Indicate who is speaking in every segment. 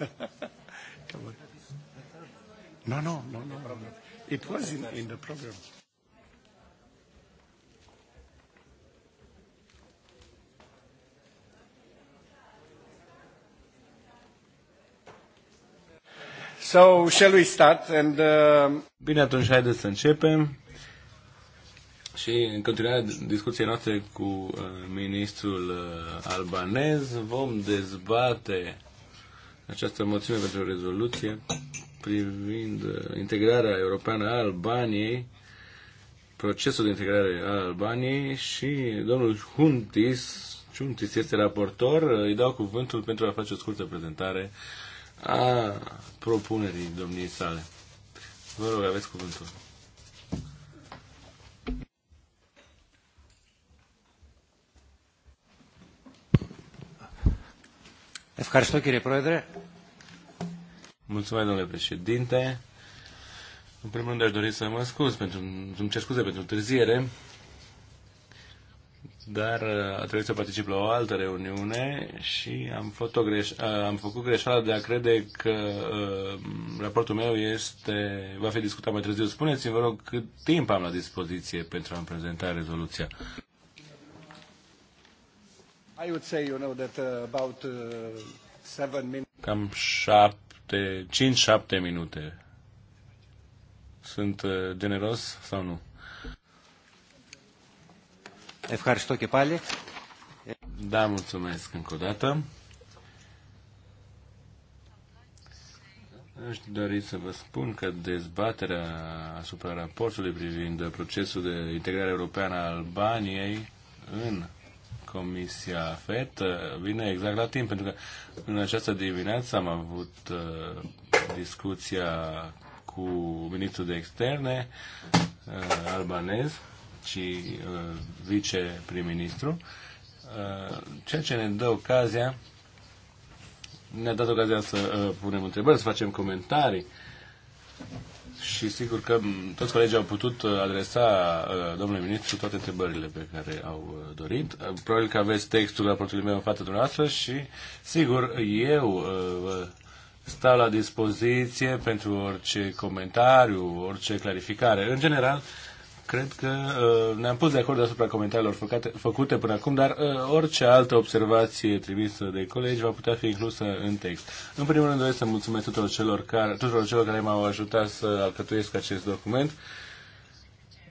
Speaker 1: No, no, no, no, no. It was in, in the program. So, shall we start? And, uh... Bine, atunci haideți să începem. Și în continuare discuției noastre cu uh, ministrul uh, albanez vom dezbate această moțiune pentru rezoluție privind uh, integrarea europeană a Albaniei, procesul de integrare a Albaniei și domnul Huntis, Huntis este raportor, uh, îi dau cuvântul pentru a face o scurtă prezentare a propunerii domniei sale. Vă rog, aveți cuvântul. Mulțumesc, domnule președinte. În primul rând aș dori să mă scuz pentru, îmi cer scuze pentru întârziere, dar uh, a trebuit să particip la o altă reuniune și am, făcut o greș- uh, am făcut greșeala de a crede că uh, raportul meu este, va fi discutat mai târziu. Spuneți-mi, vă rog, cât timp am la dispoziție pentru a-mi prezenta rezoluția. Cam șapte, cinci, șapte minute. Sunt uh, generos sau nu? Da, mulțumesc încă o dată. Aș dori să vă spun că dezbaterea asupra raportului privind procesul de integrare europeană a Albaniei în Comisia FET uh, vine exact la timp, pentru că în această dimineață am avut uh, discuția cu ministrul de externe uh, albanez și vice prim ministru ceea ce ne dă ocazia, ne-a dat ocazia să punem întrebări, să facem comentarii și sigur că mm, toți colegii au putut uh, adresa uh, domnului ministru toate întrebările pe care au uh, dorit. Probabil că aveți textul portul meu în fața dumneavoastră și, sigur, eu stau la dispoziție pentru orice comentariu, orice clarificare. În general, Cred că uh, ne-am pus de acord asupra comentariilor făcate, făcute până acum, dar uh, orice altă observație trimisă de colegi va putea fi inclusă în text. În primul rând doresc să mulțumesc tuturor celor care, tuturor celor care m-au ajutat să alcătuiesc acest document,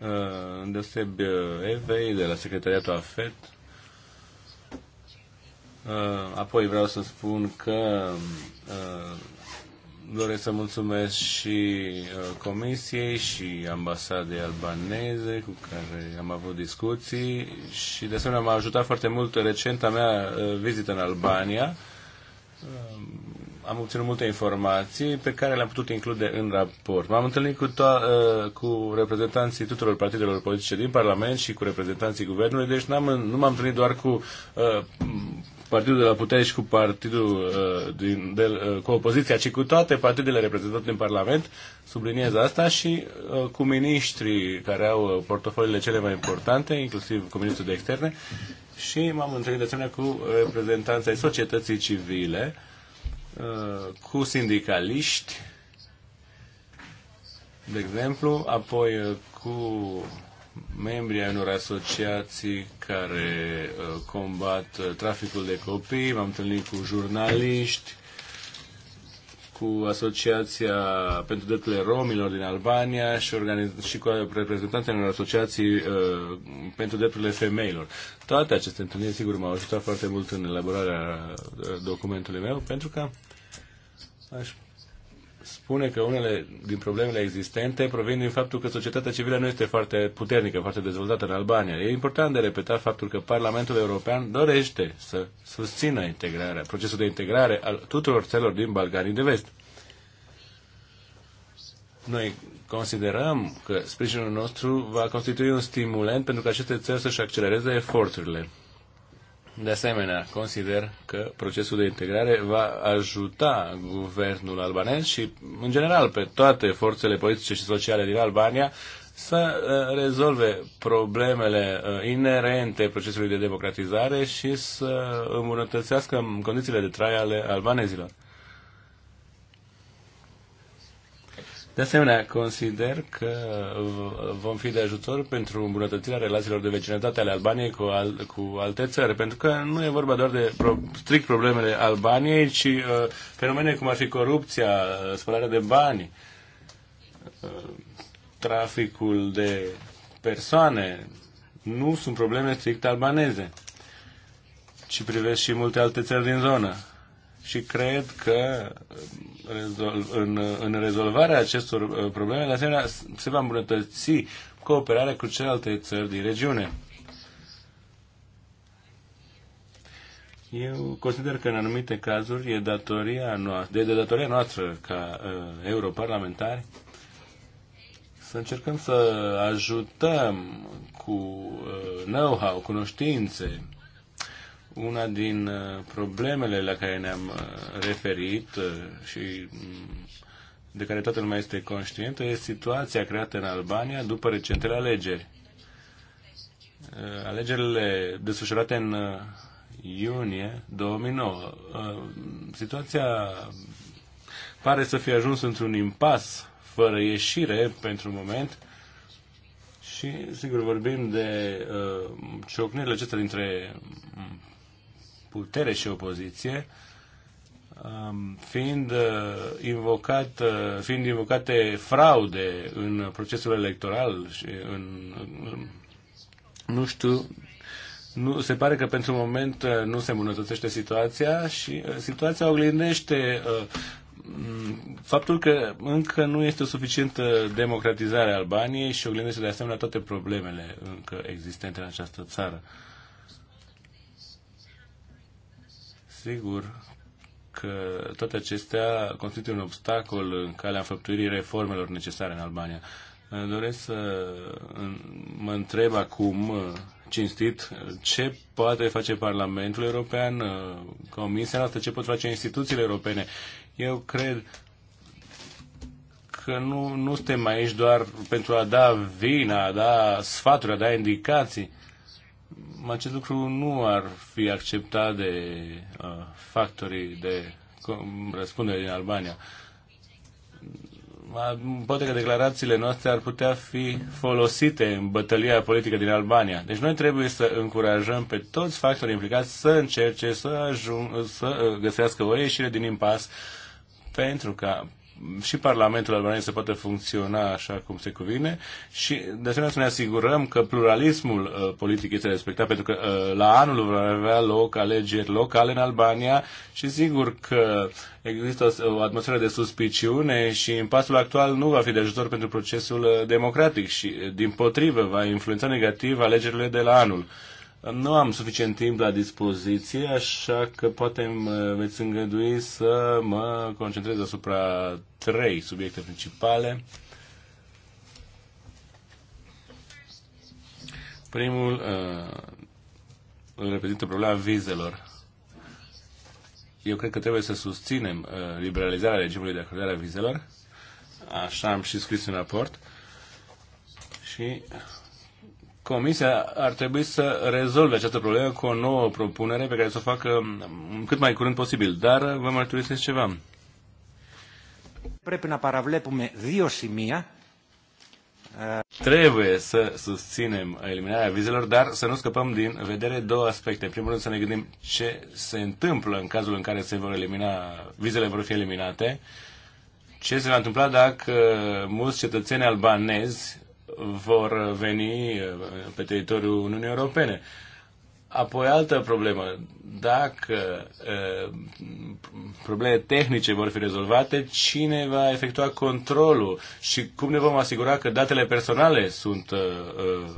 Speaker 1: uh, uh Evei de la Secretariatul AFET. Uh, apoi vreau să spun că uh, doresc să mulțumesc și uh, Comisiei și ambasadei albaneze cu care am avut discuții și de asemenea m-a ajutat foarte mult recenta mea uh, vizită în Albania. Uh, am obținut multe informații pe care le-am putut include în raport. M-am întâlnit cu, to- cu reprezentanții tuturor partidelor politice din Parlament și cu reprezentanții guvernului, deci n-am, nu m-am întâlnit doar cu uh, partidul de la putere și cu partidul uh, din, de, uh, cu opoziția, ci cu toate partidele reprezentate în Parlament, subliniez asta, și uh, cu miniștrii care au uh, portofoliile cele mai importante, inclusiv cu ministrul de externe, și m-am întâlnit de asemenea cu reprezentanții societății civile, uh, cu sindicaliști, de exemplu, apoi uh, cu membri ai unor asociații care uh, combat uh, traficul de copii, m-am întâlnit cu jurnaliști, cu Asociația pentru Drepturile Romilor din Albania și, organiz- și cu reprezentanții unor asociații uh, pentru drepturile femeilor. Toate aceste întâlniri, sigur, m-au ajutat foarte mult în elaborarea uh, documentului meu, pentru că aș spune că unele din problemele existente provin din faptul că societatea civilă nu este foarte puternică, foarte dezvoltată în Albania. E important de repetat faptul că Parlamentul European dorește să susțină integrarea, procesul de integrare al tuturor țelor din Balcanii de Vest. Noi considerăm că sprijinul nostru va constitui un stimulent pentru că aceste țări să-și accelereze eforturile de asemenea, consider că procesul de integrare va ajuta guvernul albanez și, în general, pe toate forțele politice și sociale din Albania să uh, rezolve problemele uh, inerente procesului de democratizare și să îmbunătățească condițiile de trai ale albanezilor. De asemenea, consider că vom fi de ajutor pentru îmbunătățirea relațiilor de vecinătate ale Albaniei cu, al, cu alte țări, pentru că nu e vorba doar de pro, strict problemele Albaniei, ci uh, fenomene cum ar fi corupția, uh, spălarea de bani, uh, traficul de persoane, nu sunt probleme strict albaneze, ci privesc și multe alte țări din zonă și cred că în, în rezolvarea acestor uh, probleme, de asemenea, se va îmbunătăți cooperarea cu celelalte țări din regiune. Eu consider că în anumite cazuri e datoria noastră, de datoria noastră ca uh, europarlamentari să încercăm să ajutăm cu uh, know-how, cunoștințe, una din uh, problemele la care ne-am uh, referit uh, și mm, de care toată lumea este conștientă este situația creată în Albania după recentele alegeri. Alegerile desfășurate în iunie 2009. Situația pare să fie ajuns într-un impas fără ieșire pentru moment și, sigur, vorbim de uh, ciocnirile acestea dintre mm, putere și opoziție, um, fiind, uh, invocat, uh, fiind invocate fraude în procesul electoral și în, în nu știu, nu, se pare că pentru moment uh, nu se îmbunătățește situația și situația oglindește faptul că încă nu este o suficientă democratizare a Albaniei și oglindește de asemenea toate problemele încă existente în această țară. Sigur că toate acestea constituie un obstacol în calea înfăptuirii reformelor necesare în Albania. Doresc să mă întreb acum, uh, cinstit, ce poate face Parlamentul European, uh, Comisia noastră, ce pot face instituțiile europene. Eu cred că nu, nu suntem aici doar pentru a da vina, a da sfaturi, a da indicații acest lucru nu ar fi acceptat de uh, factorii de răspundere din Albania. Poate că declarațiile noastre ar putea fi folosite în bătălia politică din Albania. Deci noi trebuie să încurajăm pe toți factorii implicați să încerce să, ajung, să uh, găsească o ieșire din impas pentru ca și Parlamentul albanez să poată funcționa așa cum se cuvine și de asemenea să ne asigurăm că pluralismul uh, politic este respectat pentru că uh, la anul vor avea loc alegeri locale în Albania și sigur că există o atmosferă de suspiciune și impasul actual nu va fi de ajutor pentru procesul uh, democratic și uh, din potrivă va influența negativ alegerile de la anul. Nu am suficient timp la dispoziție, așa că poate veți îngădui să mă concentrez asupra trei subiecte principale. Primul uh, îl reprezintă problema vizelor. Eu cred că trebuie să susținem uh, liberalizarea regimului de acordare a vizelor. Așa am și scris în raport. Și Comisia ar trebui să rezolve această problemă cu o nouă propunere pe care să o facă cât mai curând posibil. Dar vă mărturisesc ceva.
Speaker 2: Πρέπει να παραβλέπουμε
Speaker 1: Trebuie să susținem eliminarea vizelor, dar să nu scăpăm din vedere două aspecte. În primul rând să ne gândim ce se întâmplă în cazul în care se vor elimina, vizele vor fi eliminate, ce se va întâmpla dacă mulți cetățeni albanezi vor veni pe teritoriul Uniunii Europene. Apoi altă problemă, dacă probleme tehnice vor fi rezolvate, cine va efectua controlul și cum ne vom asigura că datele personale sunt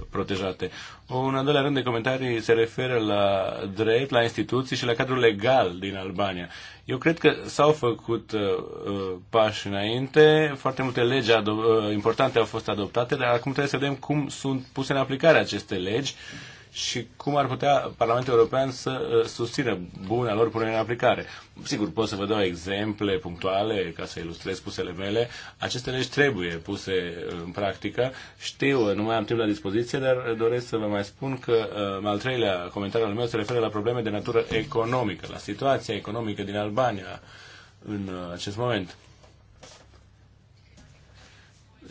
Speaker 1: protejate? Un al doilea rând de comentarii se referă la drept, la instituții și la cadrul legal din Albania. Eu cred că s-au făcut uh, uh pași înainte, foarte multe legi uh, importante au fost adoptate, dar acum trebuie să vedem cum sunt puse în aplicare aceste legi și cum ar putea Parlamentul European să uh, susțină buna lor punere în aplicare. Sigur, pot să vă dau exemple punctuale ca să ilustrez pusele mele. Aceste legi trebuie puse în practică. Știu, uh, nu mai am timp la dispoziție, dar doresc să vă mai spun că uh, al treilea comentariu al meu se referă la probleme de natură economică, la situația economică din Albania în acest moment.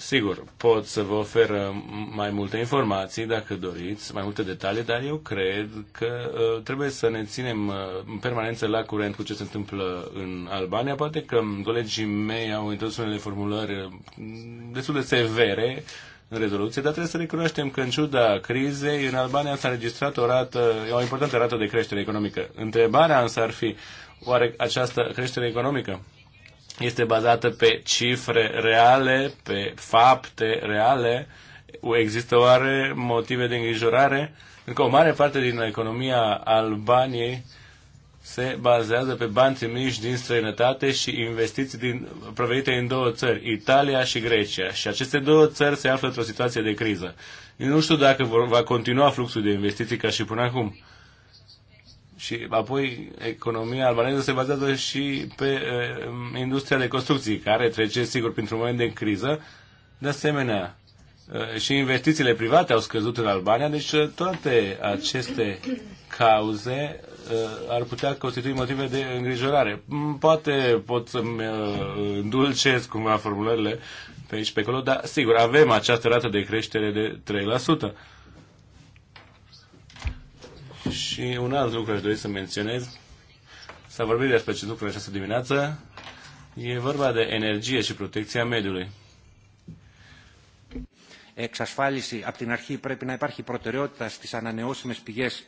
Speaker 1: Sigur, pot să vă ofer uh, mai multe informații dacă doriți, mai multe detalii, dar eu cred că uh, trebuie să ne ținem uh, în permanență la curent cu ce se întâmplă în Albania. Poate că colegii mei au introdus unele formulări uh, destul de severe în rezoluție, dar trebuie să recunoaștem că în ciuda crizei, în Albania s-a registrat o rată, o importantă rată de creștere economică. Întrebarea însă ar fi, oare această creștere economică este bazată pe cifre reale, pe fapte reale. Există oare motive de îngrijorare? Pentru că o mare parte din economia Albaniei se bazează pe bani trimiși din străinătate și investiții din, provenite în două țări, Italia și Grecia. Și aceste două țări se află într-o situație de criză. Nu știu dacă vor, va continua fluxul de investiții ca și până acum. Și apoi economia albaneză se bazează și pe uh, industria de construcții, care trece sigur printr-un moment de criză. De asemenea, uh, și investițiile private au scăzut în Albania, deci uh, toate aceste cauze uh, ar putea constitui motive de îngrijorare. Poate pot să-mi uh, îndulcesc cumva formulările pe aici pe acolo, dar sigur, avem această rată de creștere de 3%. Și un alt lucru aș dori să menționez, s-a vorbit despre acest lucru în această dimineață, e vorba de energie și protecția mediului.
Speaker 2: Εξασφάλιση από την αρχή πρέπει να υπάρχει προτεραιότητα στις ανανεώσιμες πηγές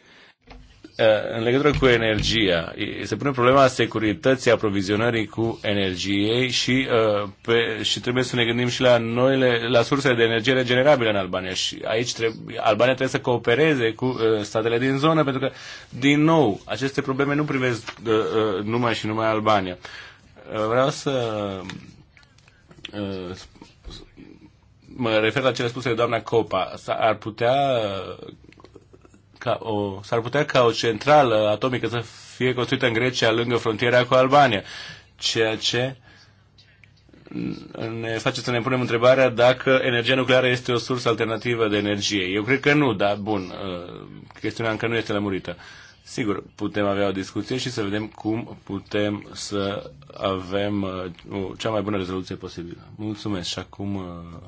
Speaker 1: Uh, în legătură cu energia, se pune problema securității aprovizionării cu energie și, uh, pe, și trebuie să ne gândim și la noile, la sursele de energie regenerabile în Albania. Și aici trebuie, Albania trebuie să coopereze cu uh, statele din zonă, pentru că, din nou, aceste probleme nu privesc numai și numai Albania. Vreau să mă refer la cele spuse de doamna Copa. Ar putea ca o, s-ar putea ca o centrală atomică să fie construită în Grecia, lângă frontiera cu Albania, ceea ce ne face să ne punem întrebarea dacă energia nucleară este o sursă alternativă de energie. Eu cred că nu, dar bun, uh, chestiunea încă nu este lămurită. Sigur, putem avea o discuție și să vedem cum putem să avem uh, cea mai bună rezoluție posibilă. Mulțumesc și acum uh,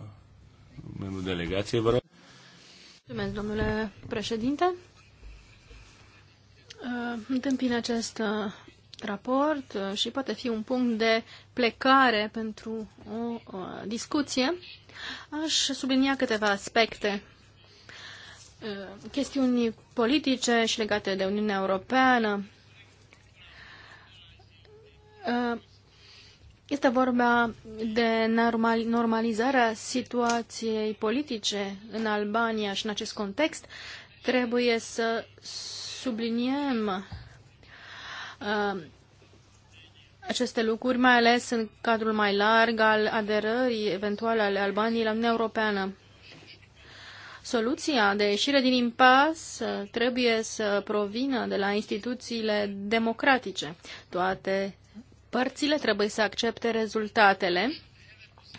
Speaker 1: membru delegației, vă rog.
Speaker 3: Mulțumesc, domnule președinte. Uh, Întâmpin acest uh, raport uh, și poate fi un punct de plecare pentru o discuție. Aș sublinia câteva aspecte chestiuni politice și legate de Uniunea Europeană. Este vorba de normalizarea situației politice în Albania și în acest context trebuie să subliniem uh, aceste lucruri, mai ales în cadrul mai larg al aderării eventuale ale Albaniei la Uniunea Europeană. Soluția de ieșire din impas uh, trebuie să provină de la instituțiile democratice. Toate Părțile trebuie să accepte rezultatele.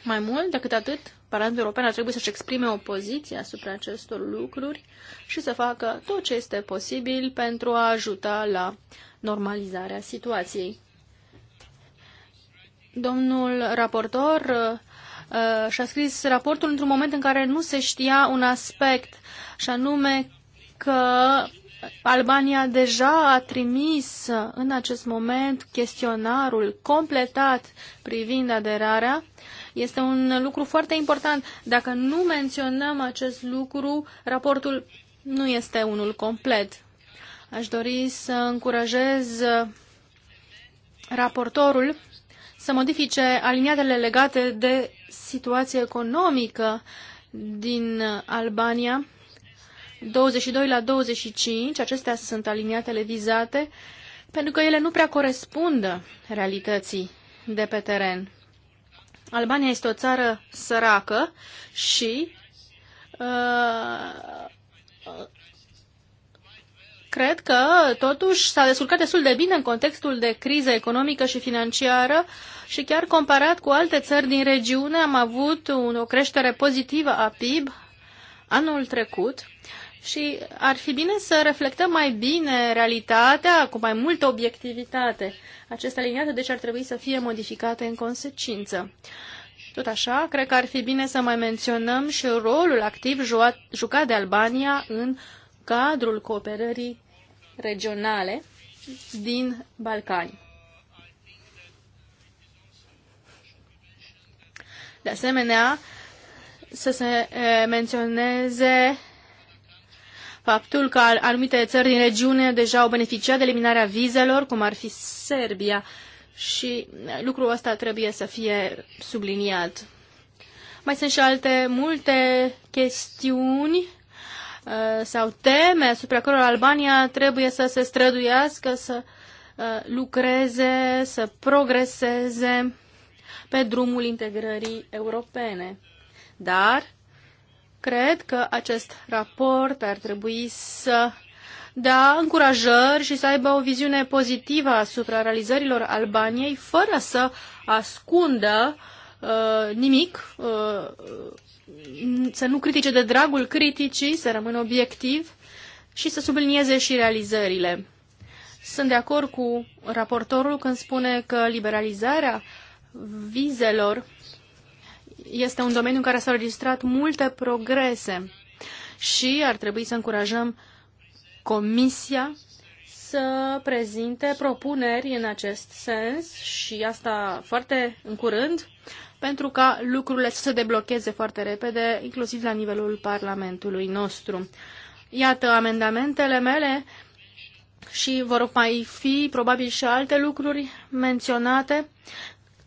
Speaker 3: Mai mult decât atât, Parlamentul European ar trebui să-și exprime o poziție asupra acestor lucruri și să facă tot ce este posibil pentru a ajuta la normalizarea situației. Domnul raportor uh, uh și-a scris raportul într-un moment în care nu se știa un aspect, și anume că Albania deja a trimis în acest moment chestionarul completat privind aderarea. Este un lucru foarte important. Dacă nu menționăm acest lucru, raportul nu este unul complet. Aș dori să încurajez raportorul să modifice aliniatele legate de situație economică din Albania 22 la 25, acestea sunt aliniatele vizate, pentru că ele nu prea corespundă realității de pe teren. Albania este o țară săracă și uh, cred că totuși s-a descurcat destul de bine în contextul de criză economică și financiară și chiar comparat cu alte țări din regiune am avut o creștere pozitivă a PIB anul trecut și ar fi bine să reflectăm mai bine realitatea cu mai multă obiectivitate. Aceste aliniate deci ar trebui să fie modificate în consecință. Tot așa, cred că ar fi bine să mai menționăm și rolul activ juat, jucat de Albania în cadrul cooperării regionale din Balcani. De asemenea, să se eh, menționeze faptul că anumite țări din regiune deja au beneficiat de eliminarea vizelor, cum ar fi Serbia, și lucrul ăsta trebuie să fie subliniat. Mai sunt și alte multe chestiuni uh, sau teme asupra cărora Albania trebuie să se străduiască, să uh, lucreze, să progreseze pe drumul integrării europene. Dar Cred că acest raport ar trebui să dea încurajări și să aibă o viziune pozitivă asupra realizărilor Albaniei, fără să ascundă uh, nimic, uh, să nu critique de dragul criticii, să rămână obiectiv și să sublinieze și realizările. Sunt de acord cu raportorul când spune că liberalizarea vizelor este un domeniu în care s-au registrat multe progrese și ar trebui să încurajăm Comisia să prezinte propuneri în acest sens și asta foarte în curând, pentru ca lucrurile să se deblocheze foarte repede, inclusiv la nivelul Parlamentului nostru. Iată amendamentele mele și vor mai fi probabil și alte lucruri menționate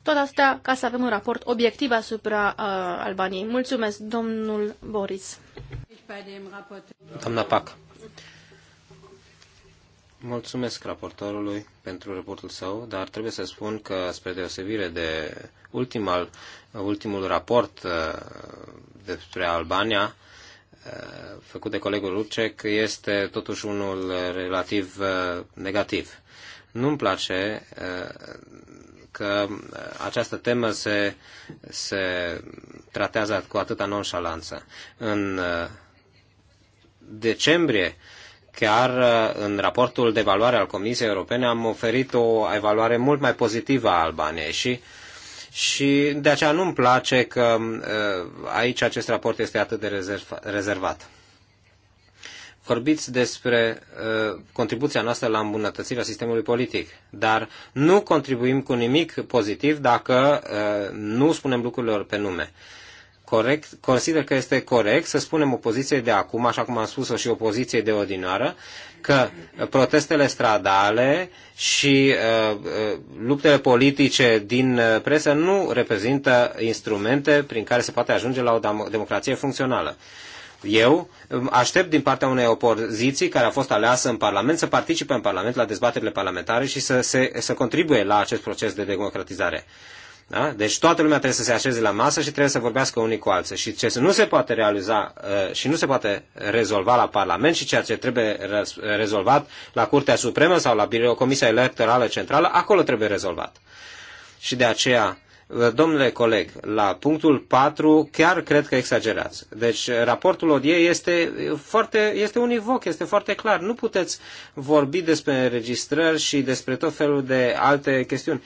Speaker 3: tot asta ca să avem un raport obiectiv asupra uh, Albaniei. Mulțumesc, domnul Boris. Doamna Pac.
Speaker 2: Mulțumesc raportorului pentru raportul său, dar trebuie să spun că, spre deosebire de ultimul, ultimul raport uh, despre Albania, uh, făcut de colegul Rucek, este totuși unul relativ uh, negativ. Nu-mi place că uh, această temă se, se tratează cu atâta nonșalanță. În uh, decembrie, chiar uh, în raportul de evaluare al Comisiei Europene, am oferit o evaluare mult mai pozitivă a Albaniei și și de aceea nu-mi place că aici acest raport este atât de rezervat vorbiți despre uh, contribuția noastră la îmbunătățirea sistemului politic, dar nu contribuim cu nimic pozitiv dacă uh, nu spunem lucrurilor pe nume. Corect, consider că este corect să spunem opoziției de acum, așa cum am spus-o și opoziției de odinioară, că protestele stradale și uh, uh luptele politice din uh, presă nu reprezintă instrumente prin care se poate ajunge la o democrație funcțională. Uh, eu aștept din partea unei opoziții care a fost aleasă în Parlament să participe în Parlament la dezbaterile parlamentare și să, se, să contribuie la acest proces de democratizare. Da? Deci toată lumea trebuie să se așeze la masă și trebuie să vorbească unii cu alții. Și ce nu se poate realiza uh, și nu se poate rezolva la Parlament și ceea ce trebuie rezolvat la Curtea Supremă sau la Comisia Electorală Centrală, acolo trebuie rezolvat. Și de aceea Domnule coleg, la punctul 4 chiar cred că exagerați. Deci raportul ODIE este, foarte, este univoc, este foarte clar. Nu puteți vorbi despre înregistrări și despre tot felul de alte chestiuni.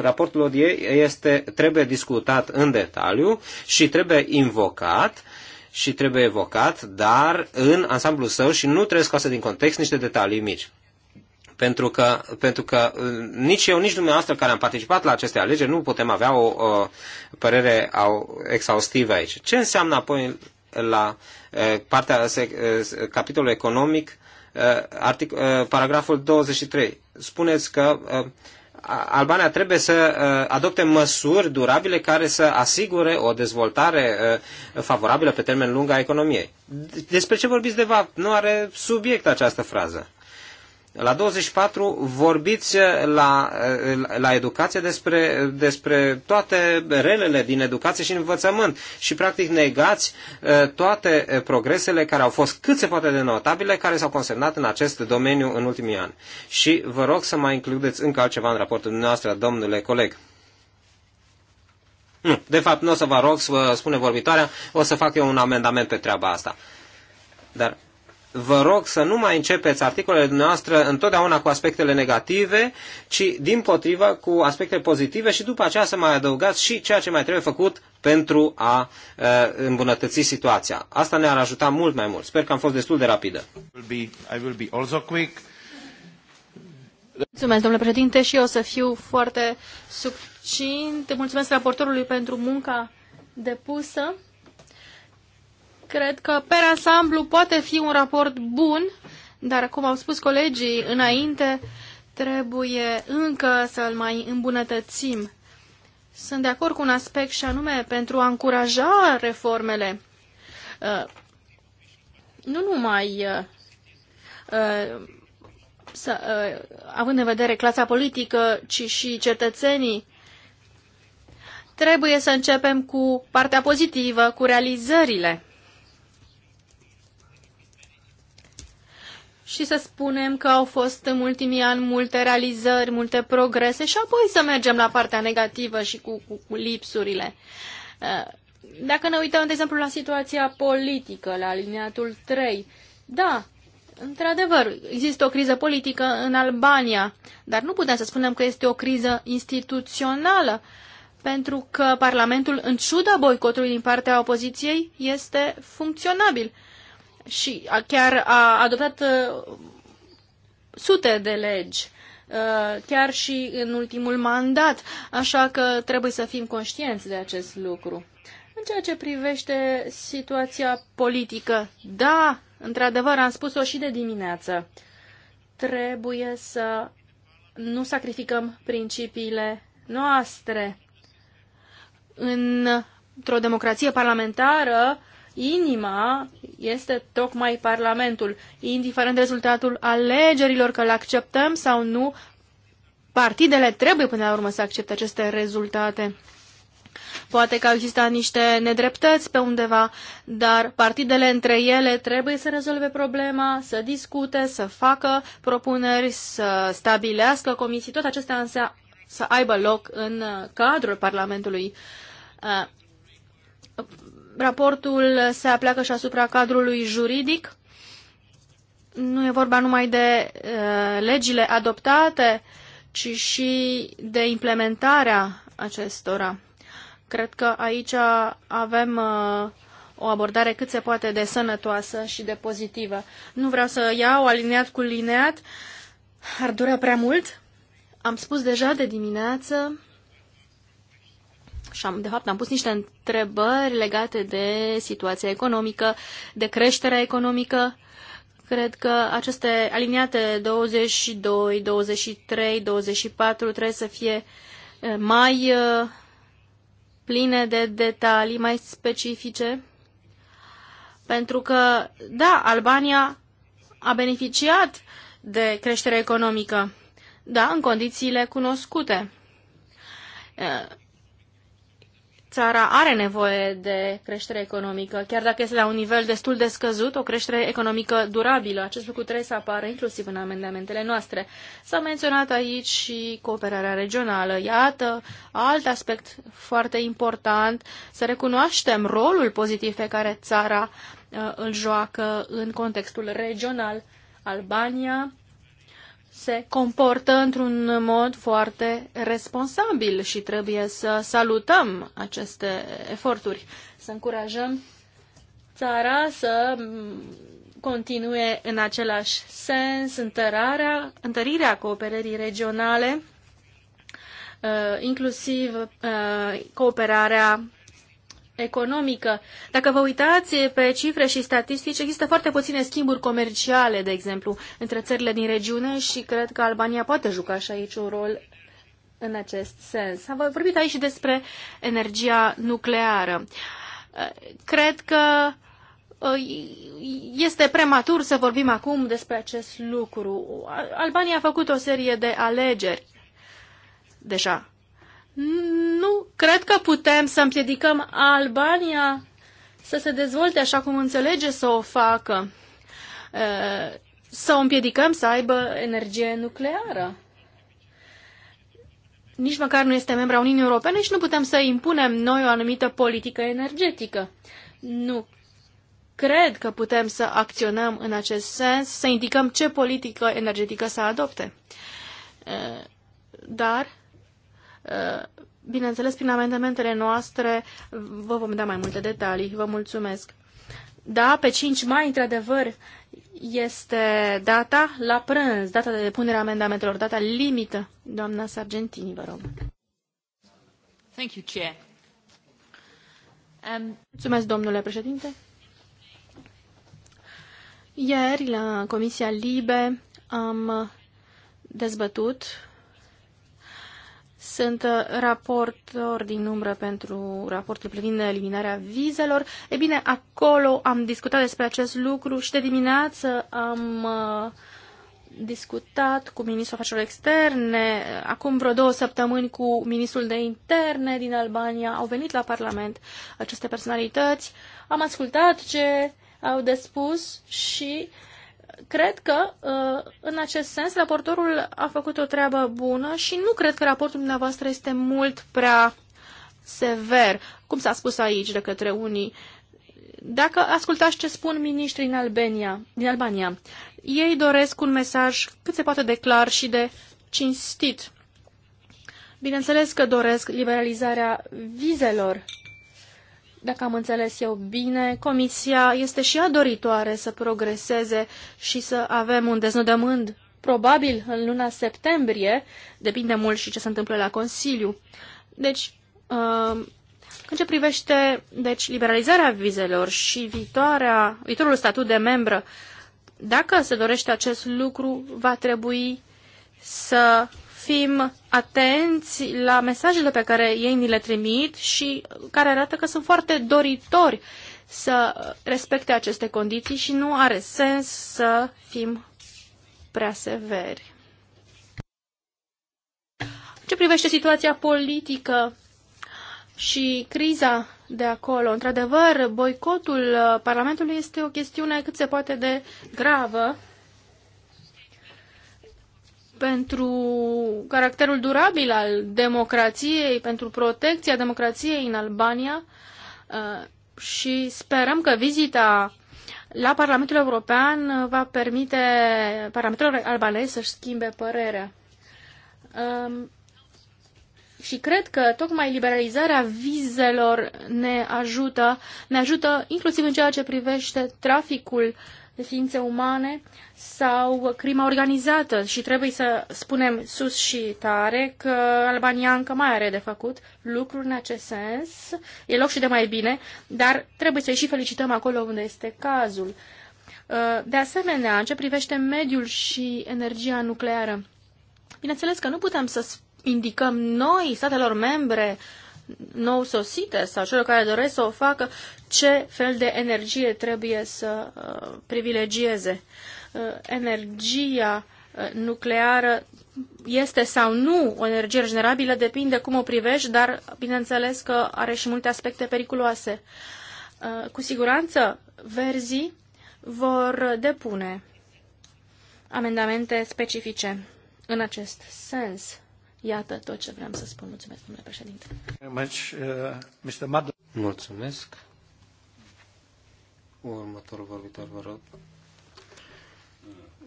Speaker 2: Raportul ODIE este, trebuie discutat în detaliu și trebuie invocat și trebuie evocat, dar în ansamblul său și nu trebuie scoase din context niște detalii mici. Pentru că, pentru că uh, nici eu, nici dumneavoastră care am participat la aceste alegeri nu putem avea o, o părere exhaustivă aici. Ce înseamnă apoi la uh, partea uh, capitolul economic, artic, paragraful 23? Spuneți că Albania trebuie să adopte măsuri durabile care să asigure o dezvoltare favorabilă pe termen lung a economiei. Despre ce vorbiți de fapt? Nu are subiect această frază. La 24 vorbiți eh, la, eh, la educație despre, despre toate relele din educație și învățământ și practic negați eh, toate progresele care au fost cât se poate de notabile, care s-au consemnat în acest domeniu în ultimii ani. Și vă rog să mai includeți încă altceva în raportul dumneavoastră, domnule coleg. Nu, de fapt nu o să vă rog să vă spune vorbitoarea, o să fac eu un amendament pe treaba asta. Dar vă rog să nu mai începeți articolele dumneavoastră întotdeauna cu aspectele negative, ci din potrivă cu aspecte pozitive și după aceea să mai adăugați și ceea ce mai trebuie făcut pentru a uh, îmbunătăți situația. Asta ne-ar ajuta mult mai mult. Sper că am fost destul de rapidă.
Speaker 3: Mulțumesc, domnule președinte, și eu o să fiu foarte succint. Mulțumesc raportorului pentru munca depusă. Cred că, pe ansamblu, poate fi un raport bun, dar, cum au spus colegii înainte, trebuie încă să-l mai îmbunătățim. Sunt de acord cu un aspect și anume pentru a încuraja reformele. Uh, nu numai uh, uh, să, având în vedere clasa politică, ci și cetățenii, trebuie să începem cu partea pozitivă, cu realizările. și să spunem că au fost în ultimii ani multe realizări, multe progrese și apoi să mergem la partea negativă și cu, cu, cu lipsurile. Uh, dacă ne uităm, de exemplu, la situația politică, la aliniatul 3, da, într-adevăr, există o criză politică în Albania, dar nu putem să spunem că este o criză instituțională, pentru că Parlamentul, în ciuda boicotului din partea opoziției, este funcționabil și chiar a adoptat uh, sute de legi, uh, chiar și în ultimul mandat, așa că trebuie să fim conștienți de acest lucru. În ceea ce privește situația politică, da, într-adevăr, am spus-o și de dimineață, trebuie să nu sacrificăm principiile noastre. Într-o democrație parlamentară, inima este tocmai Parlamentul. Indiferent rezultatul alegerilor, că îl acceptăm sau nu, partidele trebuie până la urmă să accepte aceste rezultate. Poate că au existat niște nedreptăți pe undeva, dar partidele între ele trebuie să rezolve problema, să discute, să facă propuneri, să stabilească comisii. Tot acestea însă să aibă loc în uh, cadrul Parlamentului uh, Raportul se apleacă și asupra cadrului juridic. Nu e vorba numai de uh, legile adoptate, ci și de implementarea acestora. Cred că aici avem uh, o abordare cât se poate de sănătoasă și de pozitivă. Nu vreau să iau alineat cu lineat, ar dura prea mult. Am spus deja de dimineață și am, de fapt am pus niște întrebări legate de situația economică, de creșterea economică. Cred că aceste aliniate 22, 23, 24 trebuie să fie eh, mai eh, pline de detalii, mai specifice. Pentru că, da, Albania a beneficiat de creștere economică, da, în condițiile cunoscute eh, țara are nevoie de creștere economică, chiar dacă este la un nivel destul de scăzut, o creștere economică durabilă. Acest lucru trebuie să apară inclusiv în amendamentele noastre. S-a menționat aici și cooperarea regională. Iată, alt aspect foarte important, să recunoaștem rolul pozitiv pe care țara uh, îl joacă în contextul regional. Albania se comportă într-un mod foarte responsabil și trebuie să salutăm aceste eforturi, să încurajăm țara să continue în același sens întărarea, întărirea cooperării regionale, uh, inclusiv uh, cooperarea economică. Dacă vă uitați pe cifre și statistici, există foarte puține schimburi comerciale, de exemplu, între țările din regiune și cred că Albania poate juca și aici un rol în acest sens. Am vorbit aici despre energia nucleară. Cred că uh, este prematur să vorbim acum despre acest lucru. Albania a făcut o serie de alegeri deja nu cred că putem să împiedicăm Albania să se dezvolte așa cum înțelege să o facă. Să o împiedicăm să aibă energie nucleară. Nici măcar nu este membra Uniunii Europene și nu putem să impunem noi o anumită politică energetică. Nu cred că putem să acționăm în acest sens, să indicăm ce politică energetică să adopte. Dar Uh, bineînțeles, prin amendamentele noastre vă vom da mai multe detalii. Vă mulțumesc! Da, pe 5 mai, într-adevăr, este data la prânz, data de depunere a amendamentelor, data limită. Doamna Sargentini, vă rog. Thank you, Chair. Um... Mulțumesc, domnule președinte. Ieri, la Comisia Libe, am dezbătut sunt uh, raportor din umbră pentru raportul privind eliminarea vizelor. E bine, acolo am discutat despre acest lucru și de dimineață am uh, discutat cu ministrul afacerilor externe, acum vreo două săptămâni cu ministrul de interne din Albania. Au venit la Parlament aceste personalități. Am ascultat ce au de spus și uh, cred că, uh, în acest sens, raportorul a făcut o treabă bună și nu cred că raportul dumneavoastră este mult prea sever, cum s-a spus aici de către unii. Dacă ascultați ce spun miniștrii în Albania, din Albania, ei doresc un mesaj cât se poate de clar și de cinstit. Bineînțeles că doresc liberalizarea vizelor dacă am înțeles eu bine, Comisia este și ea doritoare să progreseze și să avem un deznodământ, probabil în luna septembrie, depinde mult și ce se întâmplă la Consiliu. Deci, um, în ce privește deci, liberalizarea vizelor și viitoarea, viitorul statut de membră, dacă se dorește acest lucru, va trebui să fim atenți la mesajele pe care ei ni le trimit și care arată că sunt foarte doritori să respecte aceste condiții și nu are sens să fim prea severi. Ce privește situația politică și criza de acolo, într-adevăr, boicotul Parlamentului este o chestiune cât se poate de gravă pentru caracterul durabil al democrației, pentru protecția democrației în Albania uh, și sperăm că vizita la Parlamentul European va permite Parlamentul albanez să-și schimbe părerea. Um, și cred că tocmai liberalizarea vizelor ne ajută, ne ajută inclusiv în ceea ce privește traficul uh, de ființe umane sau crima organizată și trebuie să spunem sus și tare că Albania încă mai are de făcut lucruri în acest sens. E loc și de mai bine, dar trebuie să-i și felicităm acolo unde este cazul. Uh, de asemenea, în ce privește mediul și energia nucleară, bineînțeles că nu putem să indicăm noi, statelor membre, uh, nou sosite sau celor care doresc să o facă ce fel de energie trebuie să uh, privilegieze. Uh, energia uh, nucleară este sau nu o energie regenerabilă, depinde cum o privești, dar bineînțeles că are și multe aspecte periculoase. Cu siguranță, verzii vor depune amendamente specifice în acest sens. Iată tot ce vreau să spun. Mulțumesc, domnule președinte.
Speaker 2: Uh, mulțumesc. Următorul vorbitor, vă rog.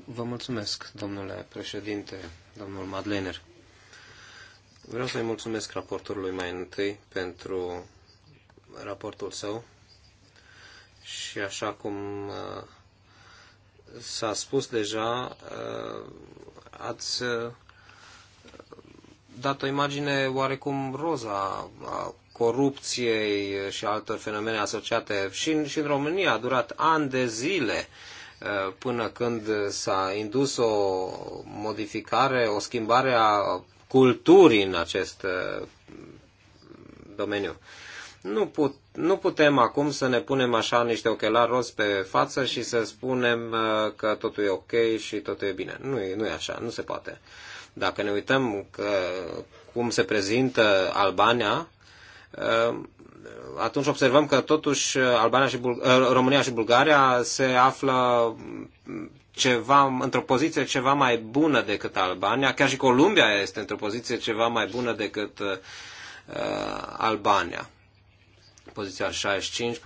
Speaker 2: Vă mulțumesc, domnule președinte, domnul Madlener. Vreau să-i mulțumesc raportorului mai întâi pentru raportul său și așa cum uh, s-a spus deja, uh, ați dat o imagine oarecum roza a corupției și altor fenomene asociate. Și în, și în România a durat ani de zile până când s-a indus o modificare, o schimbare a culturii în acest domeniu. Nu, put, nu putem acum să ne punem așa niște ochelari roz pe față și să spunem că totul e ok și totul e bine. Nu e, nu e așa, nu se poate. Uh, dacă ne uităm că, cum se prezintă Albania, ă, atunci observăm că totuși Albania și Bul- ă, România și Bulgaria se află ceva, într-o poziție ceva mai bună decât Albania, chiar și Columbia este într-o poziție ceva mai bună decât uh, Albania. Poziția 65,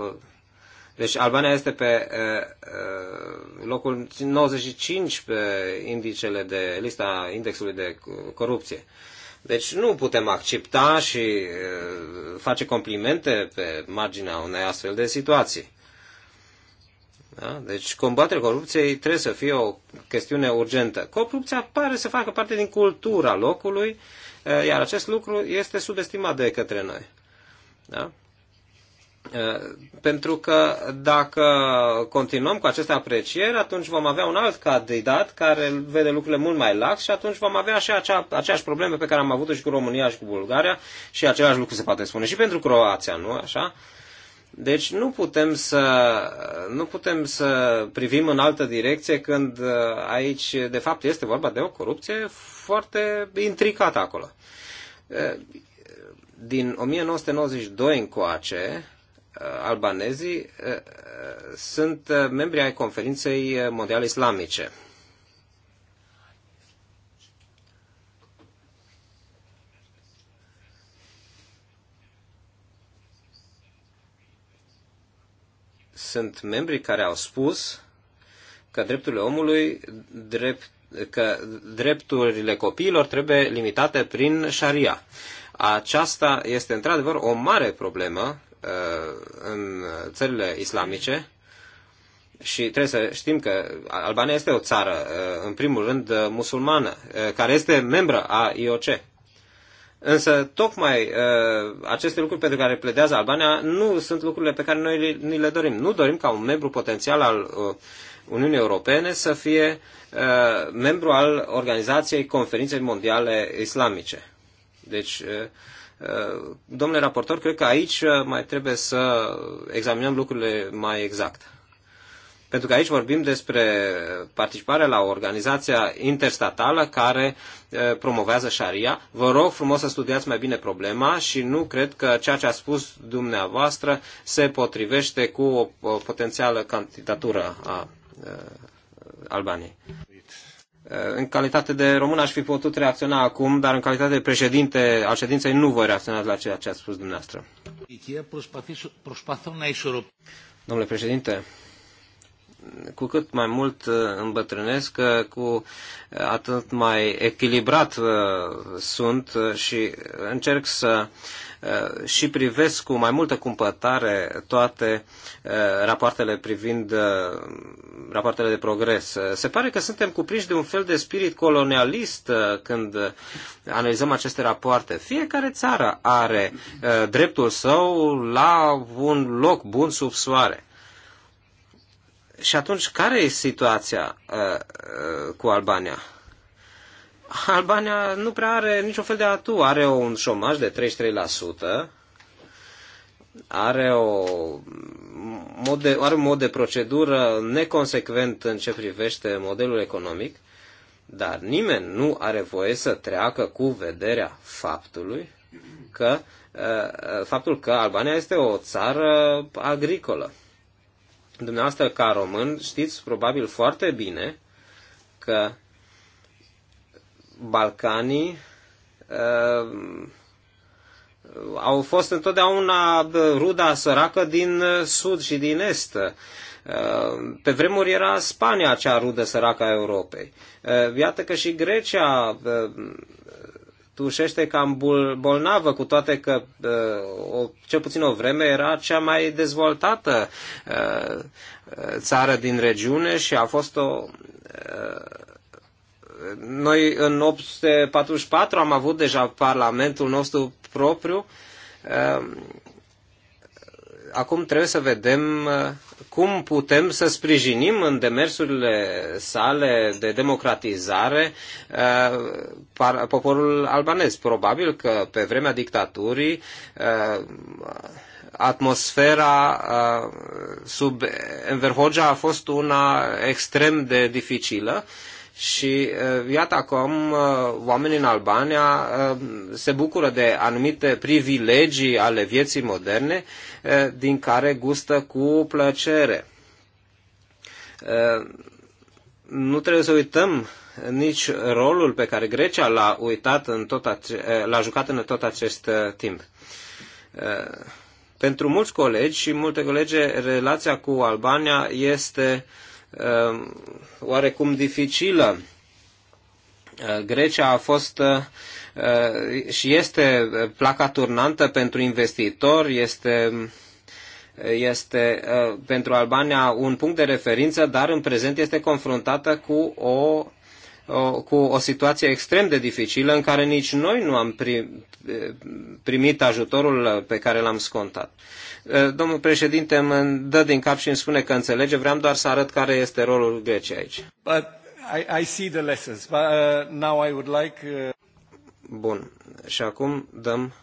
Speaker 2: deci Albania este pe uh, uh, locul 95 pe indicele de lista indexului de corupție. Deci nu putem accepta și uh, face complimente pe marginea unei astfel de situații. Da? Deci combaterea corupției trebuie să fie o chestiune urgentă. Corupția pare să facă parte din cultura locului, iar acest lucru este subestimat de către noi. Da? Eh, pentru că dacă continuăm cu aceste aprecieri, atunci vom avea un alt candidat care vede lucrurile mult mai lax și atunci vom avea și acea, aceeași probleme pe care am avut-o și cu România și cu Bulgaria și același lucru se poate spune și pentru Croația, nu așa? Deci nu putem să, nu putem să privim în altă direcție când eh, aici, de fapt, este vorba de o corupție foarte intricată acolo. Eh, din 1992 încoace, albanezii eh, eh, sunt eh, membri ai conferinței mondiale islamice. Sunt membri care au spus că drepturile omului, drept, că drepturile copiilor trebuie limitate prin șaria. Aceasta este într-adevăr o mare problemă Uh, în țările islamice și trebuie să știm că Albania este o țară, uh, în primul rând, uh, musulmană, care este membră a IOC. Însă, tocmai aceste lucruri pentru care pledează Albania nu sunt lucrurile pe care noi ni le dorim. Nu dorim ca un membru potențial al Uniunii Europene să fie membru al Organizației Conferinței Mondiale Islamice. Deci, Eh, domnule raportor, cred că aici eh, mai trebuie să examinăm lucrurile mai exact. Pentru că aici vorbim despre participarea la o organizație interstatală care eh, promovează șaria. Vă rog frumos să studiați mai bine problema și nu cred că ceea ce a spus dumneavoastră se potrivește cu o potențială candidatură a Albaniei. Eh, în calitate de român aș fi putut reacționa acum, dar în calitate de președinte al ședinței nu voi reacționa la ceea ce ați spus dumneavoastră. Domnule președinte, cu cât mai mult uh, îmbătrânesc, uh, cu atât mai echilibrat uh, sunt și încerc să și privesc cu mai multă cumpătare toate rapoartele privind rapoartele de progres. Se pare că suntem cuprinși de un fel de spirit colonialist când analizăm aceste rapoarte. Fiecare țară are dreptul său la un loc bun sub soare. Și atunci, care e situația uh, uh, cu Albania? Albania nu prea are niciun fel de atu. Are un șomaj de 33%, are, o mod de, are un mod de procedură neconsecvent în ce privește modelul economic, dar nimeni nu are voie să treacă cu vederea faptului că uh, faptul că Albania este o țară agricolă. Dumneavoastră, ca român, știți probabil foarte bine că Balcanii uh, au fost întotdeauna uh, ruda săracă din uh, sud și din est. Uh, pe vremuri era Spania acea rudă săracă a Europei. Iată că și Grecia tușește cam bolnavă, cu toate că uh, o, cel puțin o vreme era cea mai dezvoltată uh, uh, țară din regiune și a fost o noi în 844 am avut deja parlamentul nostru propriu acum trebuie să vedem uh, cum putem să sprijinim în demersurile sale de democratizare uh, poporul albanez. Probabil că pe vremea dictaturii uh, atmosfera sub Enver Hoxha a fost una extrem de dificilă și uh, iată acum uh, oamenii în Albania uh, se bucură de anumite privilegii ale vieții moderne din care gustă cu plăcere. Nu trebuie să uităm nici rolul pe care Grecia l-a uitat în tot l-a jucat în tot acest timp. Pentru mulți colegi și multe colege, relația cu Albania este uh, Ehm, oarecum dificilă. Ehm, Grecia a fost ehm, și este placa turnantă pentru investitori, este este pentru Albania un punct de referință, dar în prezent este confruntată cu o cu o situație extrem de dificilă în care nici noi nu am eh, primit ajutorul pe care l-am scontat. Eh, domnul președinte îmi dă din cap și îmi spune că înțelege, vreau doar să arăt care este rolul Greciei aici.
Speaker 1: But I, I see the lessons, but uh, now I would like... Uh...
Speaker 2: Bun, și acum dăm,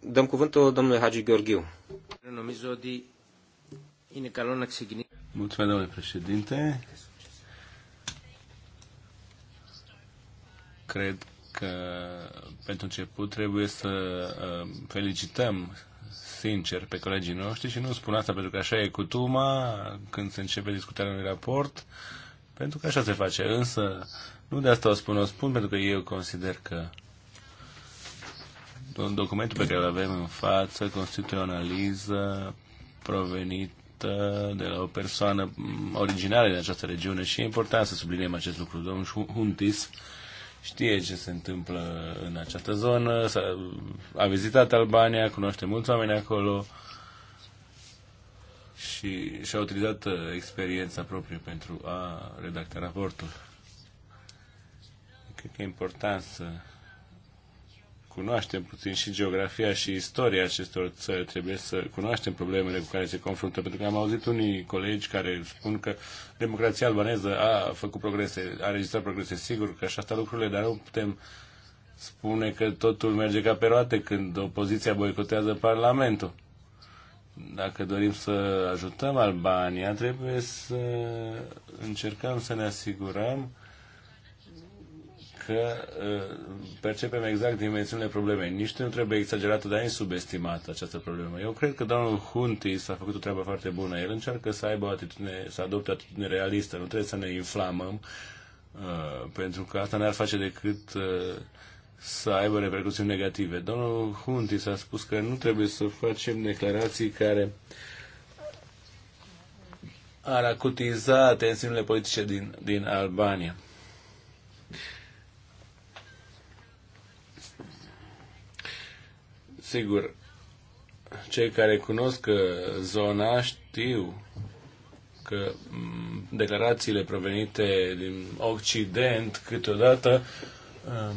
Speaker 2: dăm cuvântul domnului Hagi Gheorghiu.
Speaker 1: Mulțumesc, domnule președinte. cred că pentru început trebuie să uh, felicităm sincer pe colegii noștri și nu spun asta pentru că așa e cutuma când se începe discutarea unui raport, pentru că așa se face. Însă, nu de asta o spun, o spun pentru că eu consider că documentul pe care îl avem în față constituie o analiză provenită de la o persoană originară din această regiune și e important să subliniem acest lucru. Domnul Huntis, știe ce se întâmplă în această zonă, a vizitat Albania, cunoaște mulți oameni acolo și și-a utilizat uh, experiența proprie pentru a redacta raportul. Cred că e important să cunoaștem puțin și geografia și istoria acestor țări, trebuie să cunoaștem problemele cu care se confruntă, pentru că am auzit unii colegi care spun că democrația albaneză a făcut progrese, a registrat progrese, sigur că așa stau lucrurile, dar nu putem spune că totul merge ca pe roate când opoziția boicotează Parlamentul. Dacă dorim să ajutăm Albania, trebuie să încercăm să ne asigurăm că percepem exact dimensiunile problemei. Nici nu trebuie exagerată, dar subestimată această problemă. Eu cred că domnul Hunti s a făcut o treabă foarte bună. El încearcă să aibă o atitudine, să adopte o atitudine realistă. Nu trebuie să ne inflamăm, pentru că asta ne-ar face decât să aibă repercusiuni negative. Domnul Hunti s a spus că nu trebuie să facem declarații care ar acutiza tensiunile politice din, din Albania. Sigur, cei care cunosc uh, zona știu că mm, declarațiile provenite din Occident câteodată um,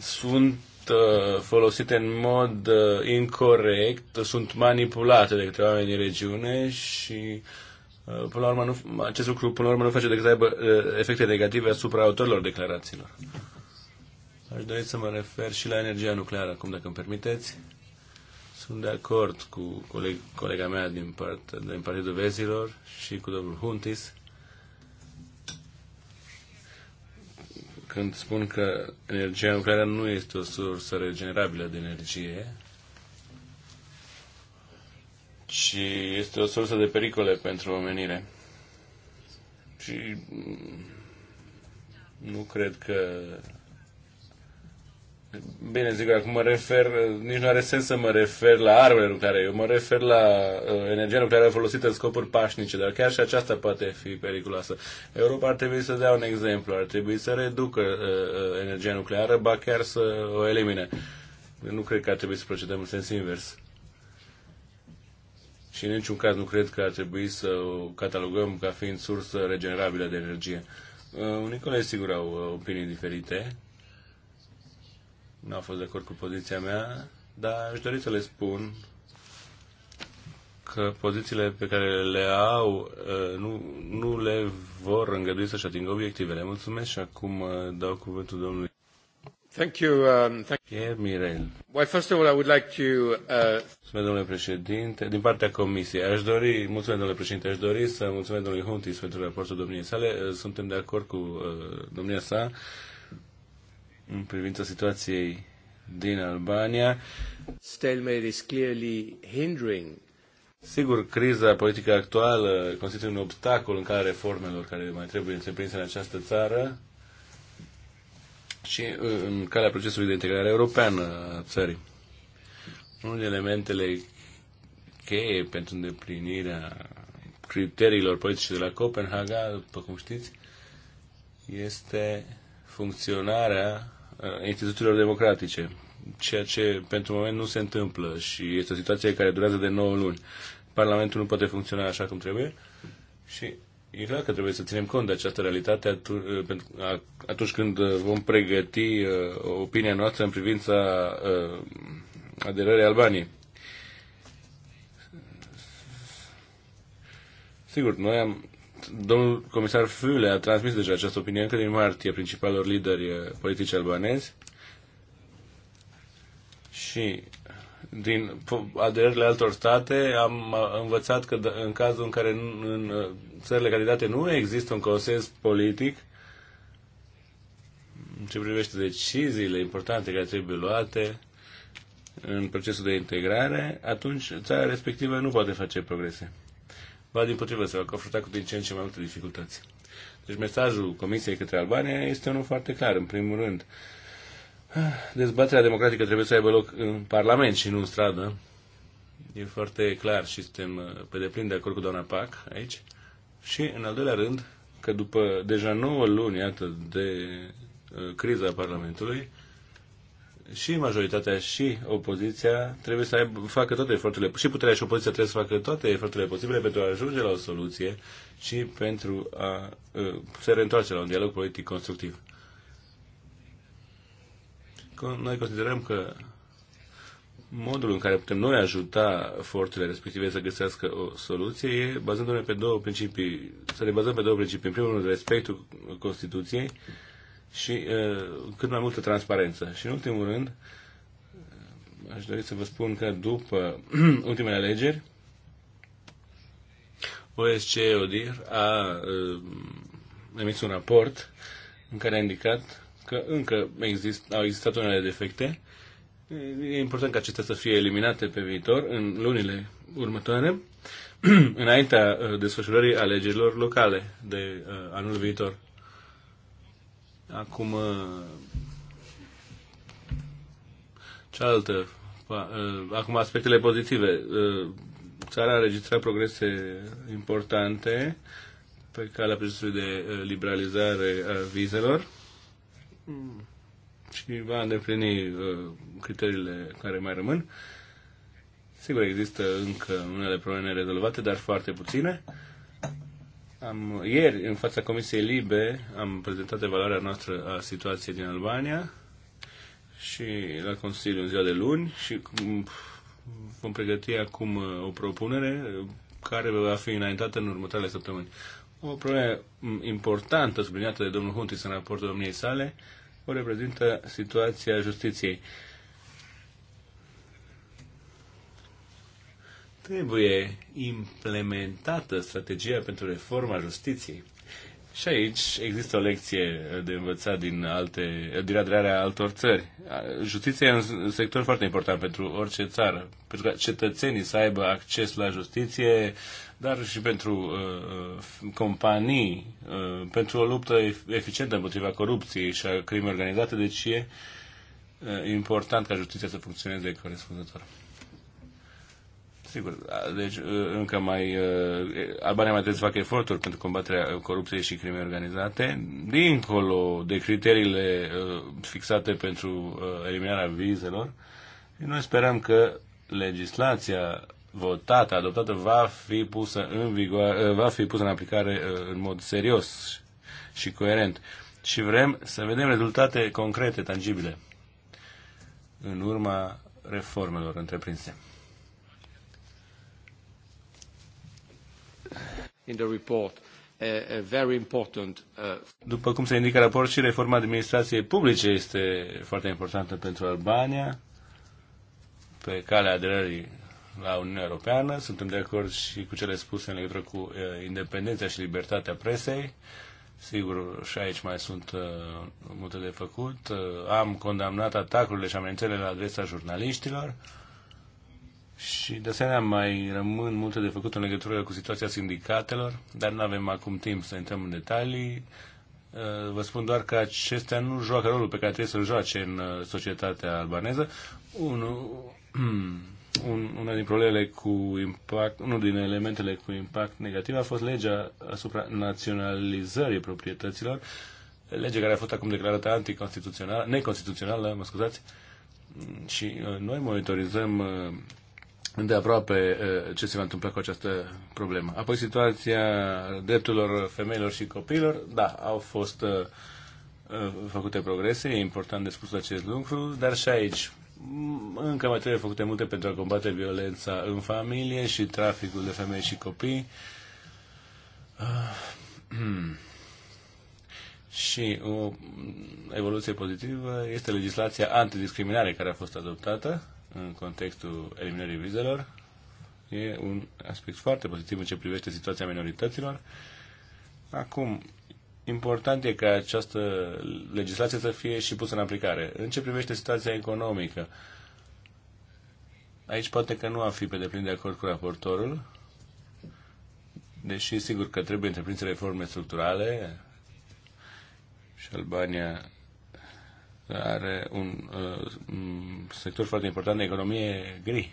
Speaker 1: sunt uh, folosite în mod uh, incorrect, sunt manipulate de către oameni din regiune și uh, până la urmă nu, acest lucru până la urmă nu face decât să aibă uh, efecte negative asupra autorilor declarațiilor. Aș dori să mă refer și la energia nucleară acum, dacă îmi permiteți. Sunt de acord cu coleg, colega mea din, part, din Partidul Vezilor și cu domnul Huntis când spun că energia nucleară nu este o sursă regenerabilă de energie, ci este o sursă de pericole pentru omenire. Și nu cred că Bine, zic acum mă refer, nici nu are sens să mă refer la armele nucleare, eu mă refer la uh, energia nucleară folosită în scopuri pașnice, dar chiar și aceasta poate fi periculoasă. Europa ar trebui să dea un exemplu, ar trebui să reducă uh, uh energia nucleară, ba chiar să o elimine. Nu cred că ar trebui să procedăm în sens invers. Și în niciun caz nu cred că ar trebui să o catalogăm ca fiind sursă regenerabilă de energie. Uh, unii colegi sigur au uh, opinii diferite, nu a fost de acord cu poziția mea, dar aș dori să le spun că pozițiile pe care le au uh, nu, nu le vor îngădui să-și atingă obiectivele. Mulțumesc și acum uh, dau cuvântul domnului. Thank you, um, thank Pierre Mirel. Well, first of all, I would like to... Uh... Mulțumesc, domnule președinte. Din partea comisiei, aș dori, mulțumesc, domnule președinte, aș dori să mulțumesc domnului Huntis pentru raportul domniei sale. Uh, suntem de acord cu uh, domnia sa. Uh, în privința situației din Albania. Stalemate is clearly hindering Sigur, criza politică actuală constituie un obstacol în calea reformelor care mai trebuie întreprinse în această țară și uh, în calea procesului de integrare europeană a țării. Unul din elementele cheie pentru îndeplinirea criteriilor politice de la Copenhaga, după cum știți, este funcționarea uh, instituțiilor democratice, ceea ce pentru moment nu se întâmplă și este o situație care durează de 9 luni. Parlamentul nu poate funcționa așa cum trebuie și e clar că trebuie să ținem cont de această realitate uh, atunci când uh, vom pregăti opinia noastră în privința aderării Albaniei. Sigur, noi am Domnul comisar Füle a transmis deja această opinie încă din martie principalor lideri eh, politici albanezi și din aderările altor state am învățat că în cazul în care în eh, țările candidate nu există un consens politic în ce privește deciziile importante care trebuie luate în procesul de integrare, atunci țara respectivă nu poate face progrese ba din potrivă se va confrunta cu din ce în ce mai multe dificultăți. Deci mesajul Comisiei către Albania este unul foarte clar. În primul rând, dezbaterea democratică trebuie să aibă loc în Parlament și nu în stradă. E foarte clar și suntem uh, pe deplin de acord cu doamna Pac aici. Și, în al doilea rând, că după deja 9 luni, iată, de uh, criza Parlamentului, și majoritatea și opoziția trebuie să aibă, facă toate eforturile, și puterea și opoziția trebuie să facă toate eforturile posibile pentru a ajunge la o soluție și pentru a se reîntoarce la un dialog politic constructiv. Noi considerăm că modul în care putem noi ajuta forțele respective să găsească o soluție e bazându-ne pe două principii, să ne bazăm pe două principii. În primul rând, respectul Constituției, uh, și uh, cât mai multă transparență. Și în ultimul rând, uh, aș dori să vă spun că după ultimele alegeri, OSCE ODIR a uh, emis un raport în care a indicat că încă exist, au existat unele defecte. E important ca acestea să fie eliminate pe viitor, în lunile următoare, înaintea uh, desfășurării alegerilor locale de uh, anul viitor. Acum, uh, cealaltă, uh, acum aspectele pozitive. Uh, țara a registrat progrese importante pe calea procesului de liberalizare a vizelor și va îndeplini criteriile care mai rămân. Sigur, există încă unele probleme rezolvate, dar foarte puține. Am, ieri, în fața Comisiei Libe, am prezentat evaluarea noastră a situației din Albania și la Consiliu în ziua de luni și vom pregăti acum uh, o propunere uh, care va fi înaintată în următoarele săptămâni. O problemă mm, importantă subliniată de domnul Huntis în raportul domniei sale o reprezintă situația justiției. Uh, trebuie implementată strategia pentru reforma justiției. Și aici există o lecție de învățat din, alte, din aderarea altor țări. Justiția e un sector foarte important pentru orice țară, pentru ca cetățenii să aibă acces la justiție, dar și pentru uh, uh companii, uh, pentru o luptă eficientă împotriva corupției și a crimei organizate, deci e uh, important ca justiția să funcționeze corespunzător sigur, deci ă, încă mai, ă, Albania mai trebuie să facă eforturi pentru combaterea corupției și crimei organizate, dincolo de criteriile ă, fixate pentru eliminarea vizelor. noi sperăm că legislația votată, adoptată, va fi pusă în vigoare, va fi pusă în aplicare în mod serios și coerent. Și vrem să vedem rezultate concrete, tangibile, în urma reformelor întreprinse.
Speaker 2: in the report,
Speaker 1: uh, După cum se indică raport și reforma administrației publice este foarte importantă pentru Albania pe calea aderării la Uniunea Europeană. Suntem de acord și cu cele spuse în legătură cu uh, independența și libertatea presei. Sigur, și aici mai sunt uh, multe de făcut. Uh, am condamnat atacurile și amenințele la adresa jurnaliștilor. Și de asemenea mai rămân multe de făcut în legătură cu situația sindicatelor, dar nu avem acum timp să intrăm în detalii. Uh, vă spun doar că acestea nu joacă rolul pe care trebuie să-l joace în uh, societatea albaneză. Unul, un, una din problemele cu impact, unul din elementele cu impact negativ a fost legea asupra naționalizării proprietăților, lege care a fost acum declarată anticonstituțională, neconstituțională, mă scuzați, și uh, noi monitorizăm de aproape ce se va întâmpla cu această problemă. Apoi situația drepturilor femeilor și copiilor, da, au fost făcute progrese, e important de spus acest lucru, dar și aici încă mai trebuie făcute multe pentru a combate violența în familie și traficul de femei și copii. Ah, și o evoluție pozitivă este legislația antidiscriminare care a fost adoptată în contextul eliminării vizelor. E un aspect foarte pozitiv în ce privește situația minorităților. Acum, important e ca această legislație să fie și pusă în aplicare. În ce privește situația economică, aici poate că nu am fi pe deplin de acord cu raportorul, deși sigur că trebuie întreprinse reforme structurale și Albania are un uh, sector foarte important de economie gri.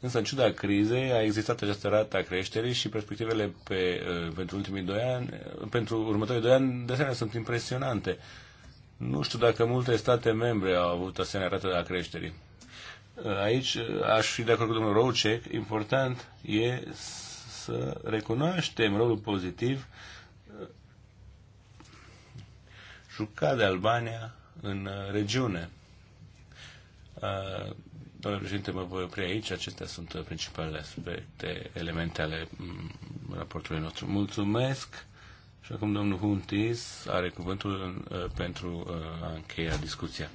Speaker 1: Însă, în ciuda crizei, a existat această rată a creșterii și perspectivele pe, uh, pentru ultimii doi ani, uh, pentru următorii doi ani, de asemenea, sunt impresionante. Nu știu dacă multe state membre au avut asemenea rată a creșterii. Uh, aici uh, aș fi de acord cu domnul Roucek. Important e să recunoaștem rolul pozitiv jucat de Albania în uh, regiune. Uh, domnule președinte, mă voi opri aici. Acestea sunt uh, principalele aspecte, elemente ale mm, raportului nostru. Mulțumesc! Și acum domnul Huntis are cuvântul pentru a încheia discuția.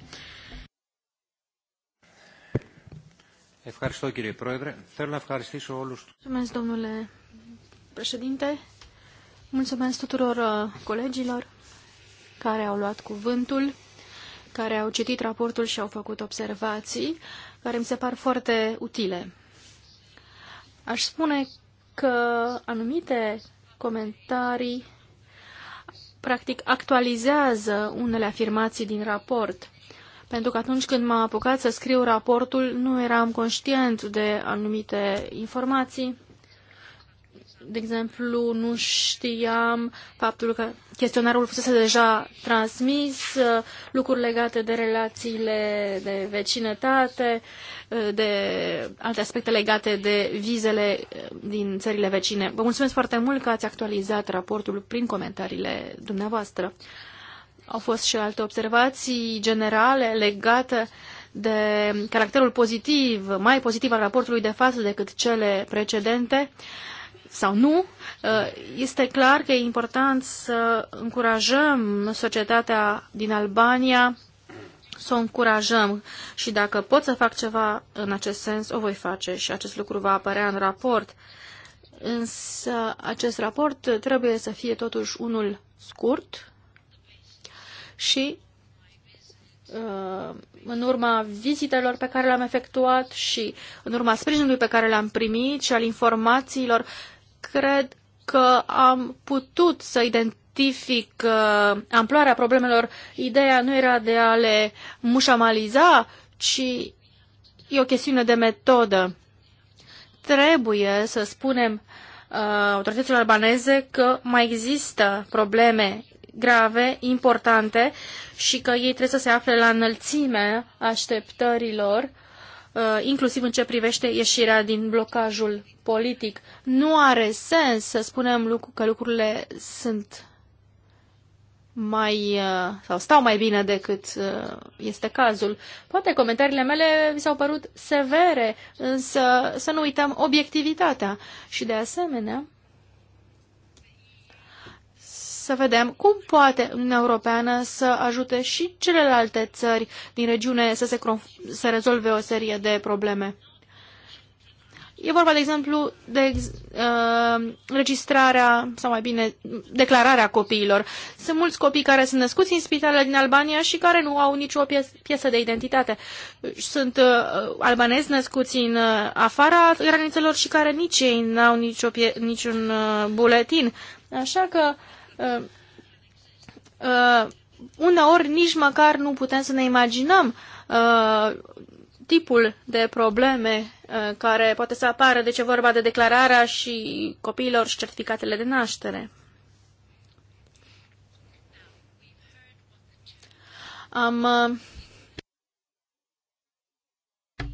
Speaker 3: Mulțumesc, domnule președinte. Mulțumesc tuturor colegilor care au luat cuvântul care au citit raportul și au făcut observații, care mi se par foarte utile. Aș spune că anumite comentarii practic actualizează unele afirmații din raport, pentru că atunci când m-am apucat să scriu raportul, nu eram conștient de anumite informații de exemplu, nu știam faptul că chestionarul fusese deja transmis, lucruri legate de relațiile de vecinătate, de alte aspecte legate de vizele din țările vecine. Vă mulțumesc foarte mult că ați actualizat raportul prin comentariile dumneavoastră. Au fost și alte observații generale legate de caracterul pozitiv, mai pozitiv al raportului de față decât cele precedente sau nu, uh, este clar că e important să încurajăm societatea din Albania să o încurajăm și dacă pot să fac ceva în acest sens, o voi face și acest lucru va apărea în raport. Însă acest raport trebuie să fie totuși unul scurt și uh, în urma vizitelor pe care le-am efectuat și în urma sprijinului pe care le am primit și al informațiilor cred că am putut să identific uh, amploarea problemelor. Ideea nu era de a le mușamaliza, ci e o chestiune de metodă. Trebuie să spunem uh, autorităților albaneze că mai există probleme grave, importante și că ei trebuie să se afle la înălțime așteptărilor Uh, inclusiv în ce privește ieșirea din blocajul politic. Nu are sens să spunem că lucrurile sunt mai uh, sau stau mai bine decât uh, este cazul. Poate comentariile mele vi s-au părut severe, însă să nu uităm obiectivitatea și de asemenea să vedem cum poate Uniunea Europeană să ajute și celelalte țări din regiune să, se, să rezolve o serie de probleme. E vorba, de exemplu, de uh, registrarea, sau mai bine, declararea copiilor. Sunt mulți copii care sunt născuți în spitalele din Albania și care nu au nicio piesă de identitate. Sunt uh, albanezi născuți în uh, afara granițelor și care nici ei n-au nicio niciun uh, buletin. Așa că uh, uh, uh, uneori nici măcar nu putem să ne imaginăm uh, tipul de probleme uh, care poate să apară, deci ce vorba de declararea și copiilor și certificatele de naștere. Am, uh,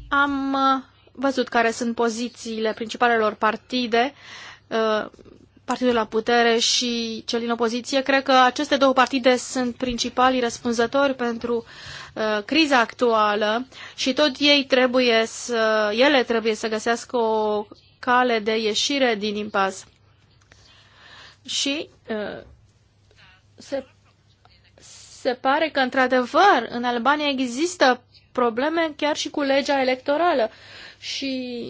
Speaker 3: am uh, văzut care sunt pozițiile principalelor partide uh, partidul la putere și cel din opoziție. Cred că aceste două partide sunt principalii răspunzători pentru uh, criza actuală și tot ei trebuie să, ele trebuie să găsească o cale de ieșire din impas. Și uh, se, se pare că, într-adevăr, în Albania există probleme chiar și cu legea electorală. Și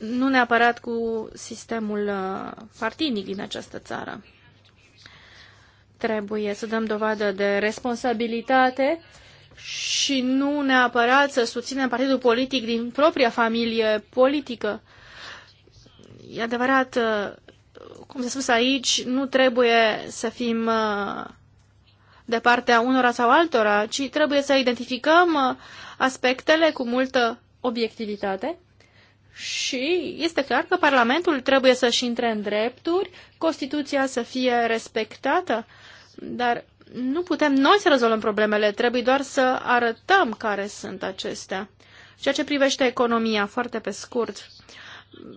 Speaker 3: nu neapărat cu sistemul uh, partinic din această țară. Trebuie să dăm dovadă de responsabilitate și nu neapărat să susținem partidul politic din propria familie politică. E adevărat, uh, cum s-a spus aici, nu trebuie să fim uh, de partea unora sau altora, ci trebuie să identificăm aspectele cu multă obiectivitate și este clar că Parlamentul trebuie să-și intre în drepturi, Constituția să fie respectată, dar nu putem noi să rezolvăm problemele, trebuie doar să arătăm care sunt acestea. Ceea ce privește economia, foarte pe scurt,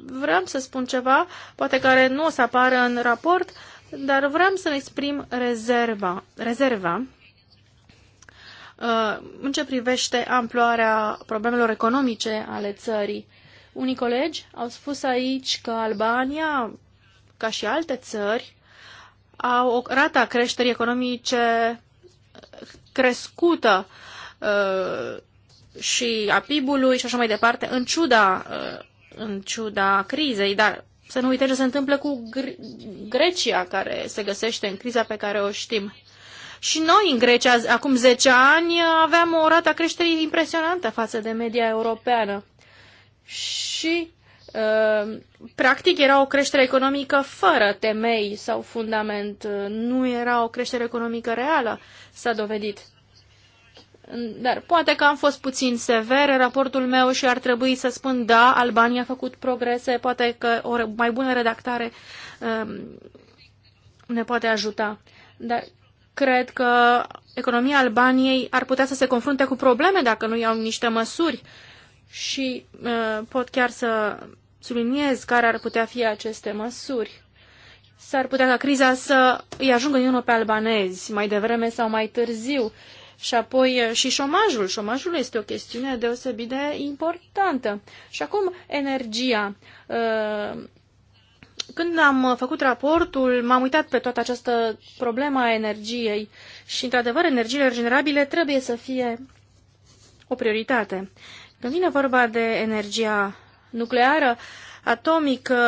Speaker 3: vreau să spun ceva, poate care nu o să apară în raport, dar vreau să exprim rezerva, rezerva uh, în ce privește amploarea problemelor economice ale țării. Unii colegi au spus aici că Albania, ca și alte țări, au o rata creșterii economice crescută uh, și a PIB-ului și așa mai departe, în ciuda, uh, în ciuda crizei, dar să nu uităm ce se întâmplă cu Grecia, care se găsește în criza pe care o știm. Și noi în Grecia, acum 10 ani, aveam o rată a creșterii impresionantă față de media europeană și uh, practic era o creștere economică fără temei sau fundament. Nu era o creștere economică reală, s-a dovedit. Dar poate că am fost puțin sever în raportul meu și ar trebui să spun da, Albania a făcut progrese, poate că o mai bună redactare um, ne poate ajuta. Dar cred că economia Albaniei ar putea să se confrunte cu probleme dacă nu iau niște măsuri uh, și uh, pot chiar să subliniez care ar putea fi aceste măsuri. S-ar putea ca criza să îi ajungă din pe albanezi, mai devreme sau mai târziu. Și apoi uh, și șomajul. Șomajul este o chestiune deosebit de importantă. Și acum energia. Uh, când am făcut raportul, m-am uitat pe toată această problemă a energiei și, într-adevăr, energiile regenerabile trebuie să fie o prioritate. Când vine vorba de energia nucleară, atomică,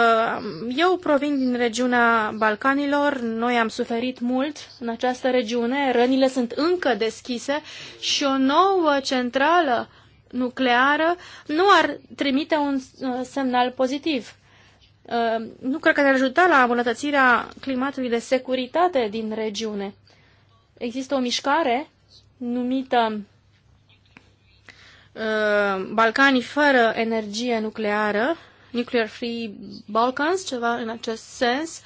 Speaker 3: uh, eu provin din regiunea Balcanilor, noi am suferit mult în această regiune, rănile sunt încă deschise și o nouă centrală nucleară nu ar trimite un uh, semnal pozitiv. Uh, nu cred că ne-ar ajuta la îmbunătățirea climatului de securitate din regiune. Există o mișcare numită Uh, Balcanii fără energie nucleară, Nuclear Free Balkans, ceva în acest sens,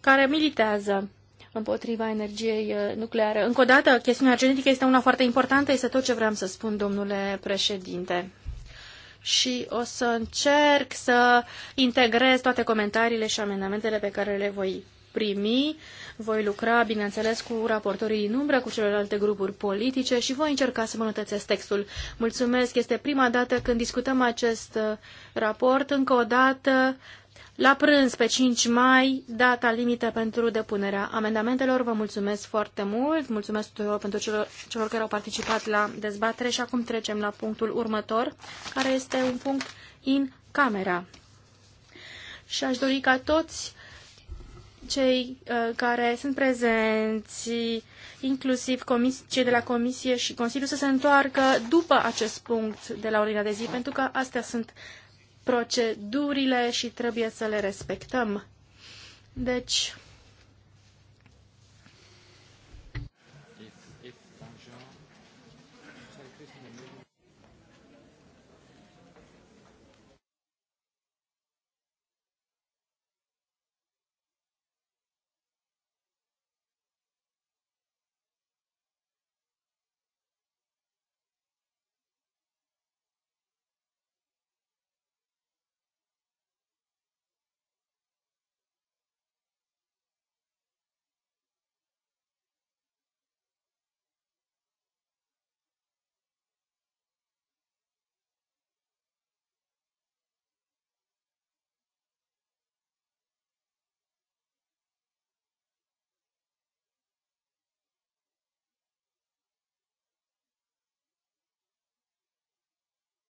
Speaker 3: care militează împotriva energiei uh, nucleare. Încă o dată, chestiunea genetică este una foarte importantă, este tot ce vreau să spun, domnule președinte. Și o să încerc să integrez toate comentariile și amendamentele pe care le voi primi. Voi lucra, bineînțeles, cu raportorii din umbră, cu celelalte grupuri politice și voi încerca să îmbunătățesc textul. Mulțumesc, este prima dată când discutăm acest uh, raport. Încă o dată, la prânz, pe 5 mai, data limită pentru depunerea amendamentelor. Vă mulțumesc foarte mult, mulțumesc tuturor pentru celor, celor care au participat la dezbatere și acum trecem la punctul următor, care este un punct in camera. Și aș dori ca toți cei uh, care sunt prezenți, inclusiv cei de la Comisie și Consiliu, să se întoarcă după acest punct de la ordinea de zi, pentru că astea sunt procedurile și trebuie să le respectăm. Deci,